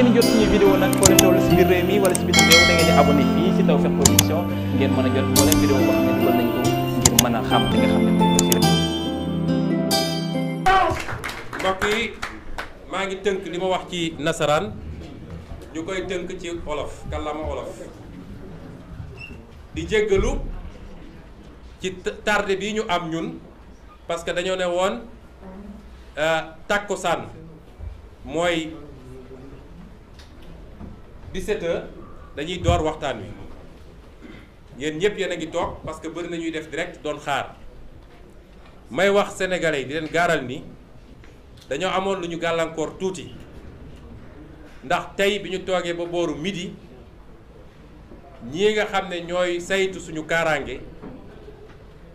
ngeen jot suñu vidéo nag foo leen a jot moo leen a xam li nga xam ne moom la rek. mbokk yi maa ngi tënk li ma wax ci nasaraan ñu koy tënk ci olof kàllaama olof di jéggalu ci tardé bi ñu am ñun parce que dañoo ne woon euh, takkusaan mooy. di h dañuy door waxtaan wi yéen ñëpp yéen a ngi toog parce que bëri na ñuy def direct doon xaar may wax sénégalais yi di leen gaaral ni dañoo amoon lu ñu gàllankoor tuuti ndax tey bi ñu toogee ba booru midi ñii nga xam ne ñooy saytu suñu kaaraange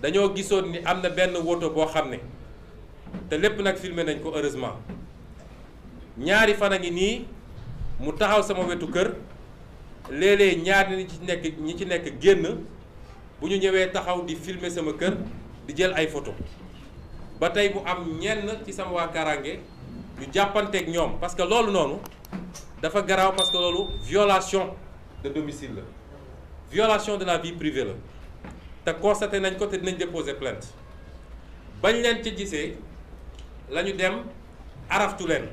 dañoo gisoon ni am na benn woto boo xam ne te lépp nag filmé nañ ko heureusement ñaari fan a ngi nii. mu taxaw sama wetu kër léeg-léeg ñaar ñi ci nekk ñi ci nekk génn bu ñu ñëwee taxaw di filmer sama kër di jël ay photo ba tey ku am ñenn ci sama waa karange ñu jàppanteeg ñoom parce que loolu noonu dafa garaaw parce que loolu violation de domicile la violation de la vie privée la te constaté nañ ko te dinañ déposer plainte bañ leen ci gisee lañu dem araftu leen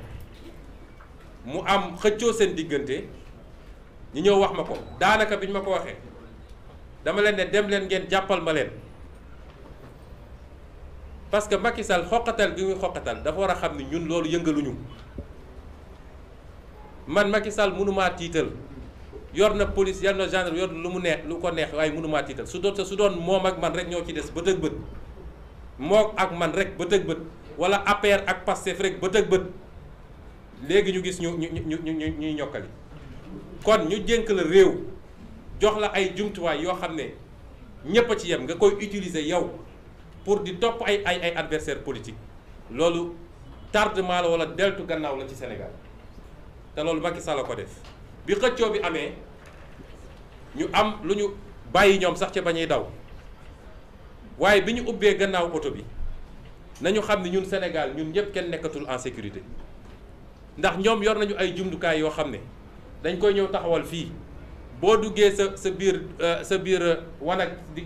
mu am xëccoo seen diggante ñu ñëw wax ma ko daanaka bi ñu ma ko waxee dama leen ne dem leen ngeen jàppal ma leen parce que Macky Sall xoqatal gi muy xoqatal dafa war a xam ni ñun loolu yëngaluñu man Macky Sall mënumaa tiital yor na police yor na gendarme yor lu mu neex lu ko neex waaye mënumaa tiital su doon su doon moom ak man rek ñoo ci des bët ak bët moom ak man rek bët ak bët wala APR ak Pastef rek bët ak bët léegi ñu gis ñu ñu ñu ñu ñuy ñokkali kon ñu jënk la réew jox la ay jumtuwaay yoo xam ne ñépp a ci yem nga koy utiliser yow pour di topp ay ay ay adversaire politique loolu tardement la wala deltu gannaaw la ci Sénégal te loolu Macky Sall ko def bi xëccoo bi amee ñu am lu ñu bàyyi ñoom sax ca bañuy daw waaye bi ñu ubbee gannaaw oto bi nañu xam ne ñun senegal ñun ñëpp kenn nekkatul en sécurité ndax ñoom yor nañu ay jumtukaay yoo xam ne dañ koy ñëw taxawal fii boo duggee sa sa biir euh, sa biir euh, wanag di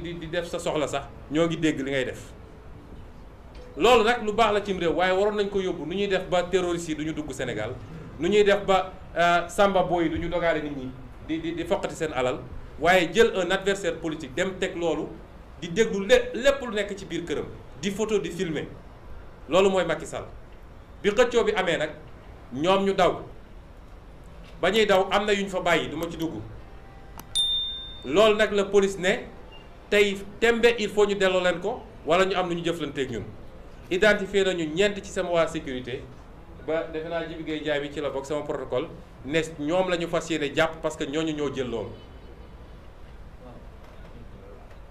di def sa soxla sax ñoo ngi dégg li ngay def loolu nag lu baax la cim réew waaye waroon nañ ko yóbbu nu ñuy def ba terroristes yi du ñu dugg senegal nu ñuy def ba euh, samba boy yi du ñu dogaale nit ñi di di di foqati seen alal waaye jël un adversaire politique dem teg loolu di déglu lépp lépp lu nekk ci biir këram di photo di filmer loolu mooy Macky Sall bi xëccoo bi amee nag. ñoom ñu daw ba ñuy daw am na yu ñu fa bàyyi duma ci dugg loolu nag la police ne tey tembe il faut ñu delloo leen ko wala ñu am lu ñu jëflanteeg ñun identifier nañu ñeent ci sama waa sécurité ba defe naa Jibi jaay bi ci la bokk sama protocole ne ñoom la ñu fas yéene jàpp parce que ñooñu ñoo jël loolu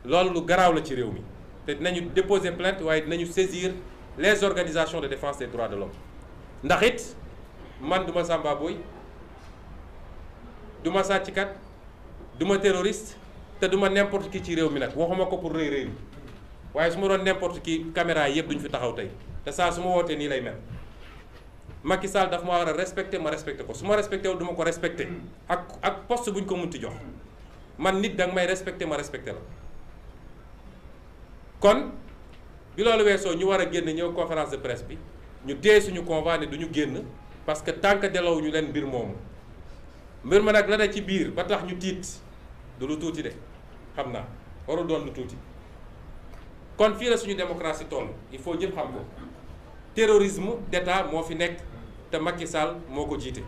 loolu lu garaaw la ci réew mi te dinañu déposer plainte waaye dinañu saisir les organisations de défense des droits de l'homme ndax it man du ma sàmba booy du ma kat du ma terroriste te du ma n'importe qui ci réew mi nag waxuma ko pour rëy rëy waaye su ma doon n'importe qui caméra yëpp duñu fi taxaw tey te saa su ma wootee nii lay mel Macky Sall dafa ma war a respecté ma respecté ko su ma respecté wul du ko respecté ak ak poste bu ñu ko mun ti jox man nit danga may respecté ma respecté la kon bi loolu soo ñu war a génn ñëw conférence de presse bi ñu dee suñu convoi ne génn parce que tant que delaw ñu leen mbir moomu mbir ma nag la ne ci biir ba tax ñu tiit du lu tuuti de xam naa waru doon lu tuuti kon fii la suñu démocratie toll il faut ñëpp xam ko terrorisme d'État moo fi nekk te mag Macky Sall moo ko jiite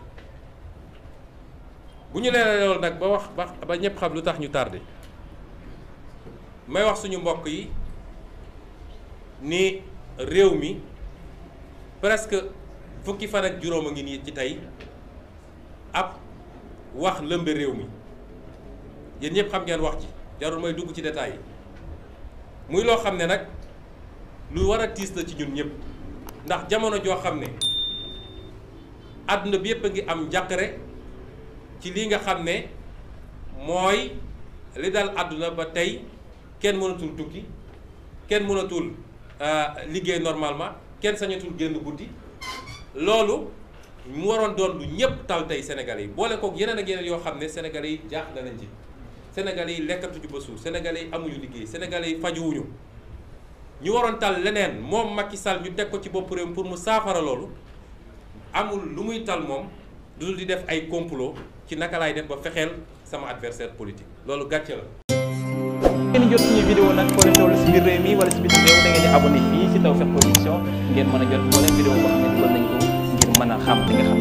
bu ñu leen lool nag ba wax ba ñëpp xam lu tax ñu tardé may wax suñu mbokk yi ni réew mi presque fukki fan ak juróom a ngi nii ci tey ab wax lëmbe réew mi yéen ñëpp xam ngeen wax ci jarul may dugg ci détails yi muy loo xam ne nag lu war a tiis la ci ñun ñëpp ndax jamono joo xam ne àdduna bi yëpp a ngi am njàqare ci li nga xam ne mooy li dal àdduna ba tey kenn mënatul tukki kenn mënatul euh, liggéey normalement kenn sañatul génn guddi loolu mu waroon doon lu ñëpp tal tey Sénégalais yi boole kook yeneen ak yeneen yoo xam ne Sénégalais yi jaaxle nañ ci Sénégalais yi lekkatuñu ba suur Sénégalais yi amuñu liggéey Sénégalais yi fajuwuñu ñu waroon tal leneen moom mag Macky Sall ñu teg ko ci bopp réew pour mu saafara loolu amul lu muy tal moom du dul di def ay complot ci naka laay def ba fexeel sama adversaire politique loolu gàcce la. abonné fii si Tawfekh Production ngeen mën a jot moo leen vidéo boo xam ne dugal nañ ko ngir mën a xam li nga xam